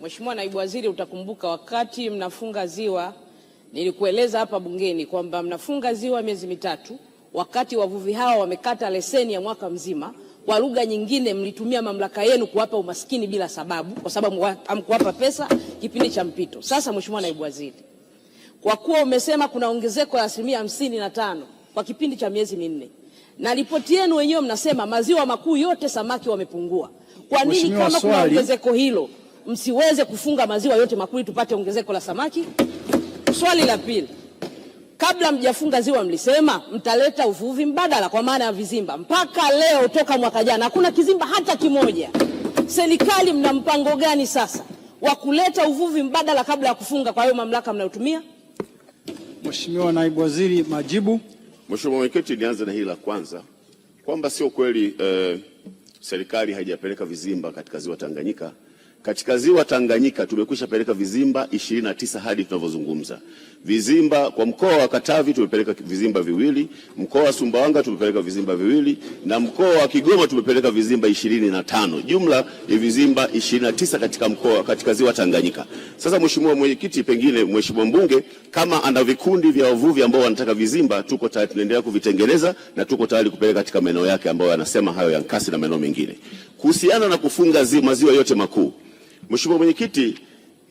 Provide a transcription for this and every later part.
Mheshimiwa Naibu Waziri, utakumbuka wakati mnafunga ziwa nilikueleza hapa bungeni kwamba mnafunga ziwa miezi mitatu, wakati wavuvi hawa wamekata leseni ya mwaka mzima. Kwa lugha nyingine, mlitumia mamlaka yenu kuwapa umaskini bila sababu, kwa sababu hamkuwapa pesa kipindi cha mpito. Sasa Mheshimiwa Naibu Waziri, kwa kuwa umesema kuna ongezeko la asilimia hamsini na tano kwa kipindi cha miezi minne na ripoti yenu wenyewe mnasema maziwa makuu yote samaki wamepungua, kwa nini kama kuna ongezeko hilo msiweze kufunga maziwa yote makuli tupate ongezeko la samaki? Swali la pili, kabla mjafunga ziwa mlisema mtaleta uvuvi mbadala kwa maana ya vizimba. Mpaka leo toka mwaka jana hakuna kizimba hata kimoja. Serikali, mna mpango gani sasa wa kuleta uvuvi mbadala kabla ya kufunga kwa hiyo mamlaka mnayotumia? Mheshimiwa Naibu Waziri, majibu. Mheshimiwa Mwenyekiti, nianze na hili la kwanza kwamba sio kweli eh, serikali haijapeleka vizimba katika ziwa Tanganyika katika ziwa Tanganyika tumekwisha peleka vizimba 29 hadi tunavyozungumza. Vizimba kwa mkoa wa Katavi tumepeleka vizimba viwili, mkoa wa Sumbawanga tumepeleka vizimba viwili na mkoa wa Kigoma tumepeleka vizimba 25. Jumla ni vizimba 29 katika mkoa katika ziwa Tanganyika. Sasa Mheshimiwa Mwenyekiti, pengine Mheshimiwa Mbunge kama ana vikundi vya wavuvi ambao wanataka vizimba, tuko tayari tunaendelea kuvitengeneza na tuko tayari kupeleka katika maeneo yake ambayo anasema hayo ya Nkasi na maeneo mengine. Kuhusiana na kufunga zi, maziwa yote makuu Mheshimiwa Mwenyekiti,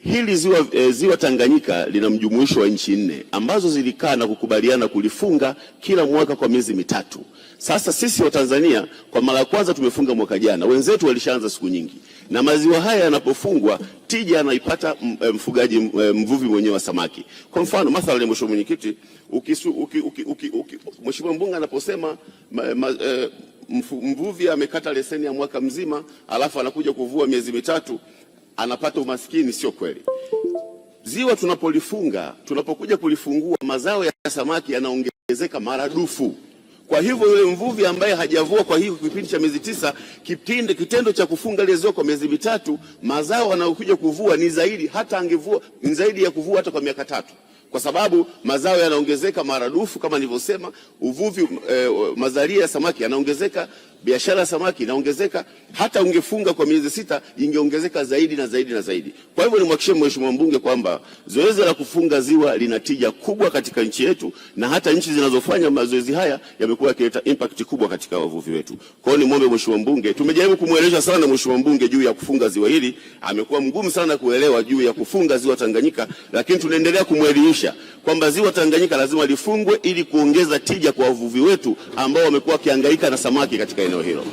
hili ziwa, e, ziwa Tanganyika lina mjumuisho wa nchi nne ambazo zilikaa na kukubaliana kulifunga kila mwaka kwa miezi mitatu. Sasa sisi Watanzania kwa mara ya kwanza tumefunga mwaka jana, wenzetu walishaanza siku nyingi, na maziwa haya yanapofungwa tija anaipata e, mfugaji e, mvuvi mwenyewe wa samaki. Kwa mfano mathalan, Mheshimiwa Mwenyekiti, Mheshimiwa mbunge anaposema ma, ma, e, mvuvi amekata leseni ya mwaka mzima alafu anakuja kuvua miezi mitatu anapata umaskini, sio kweli. Ziwa tunapolifunga, tunapokuja kulifungua, mazao ya samaki yanaongezeka maradufu. Kwa hivyo yule mvuvi ambaye hajavua kwa hiyo kipindi cha miezi tisa, kipindi kitendo cha kufunga ile ziwa kwa miezi mitatu, mazao anayokuja kuvua ni zaidi hata angevua ni zaidi ya kuvua hata kwa miaka tatu kwa sababu mazao yanaongezeka maradufu kama nilivyosema, uvuvi e, mazalia ya samaki yanaongezeka, biashara ya samaki inaongezeka. Hata ungefunga kwa miezi sita ingeongezeka zaidi na zaidi na zaidi. Kwa hivyo nimhakikishie mheshimiwa mbunge kwamba zoezi la kufunga ziwa lina tija kubwa katika nchi yetu, na hata nchi zinazofanya mazoezi haya yamekuwa yakileta impact kubwa katika wavuvi wetu. Kwa hiyo nimwombe mheshimiwa mbunge, tumejaribu kumweleza sana mheshimiwa mbunge juu ya kufunga ziwa hili, amekuwa mgumu sana kuelewa juu ya kufunga ziwa Tanganyika, lakini tunaendelea kumwelimisha kuhakikisha kwamba ziwa Tanganyika lazima lifungwe ili kuongeza tija kwa wavuvi wetu ambao wamekuwa wakihangaika na samaki katika eneo hilo.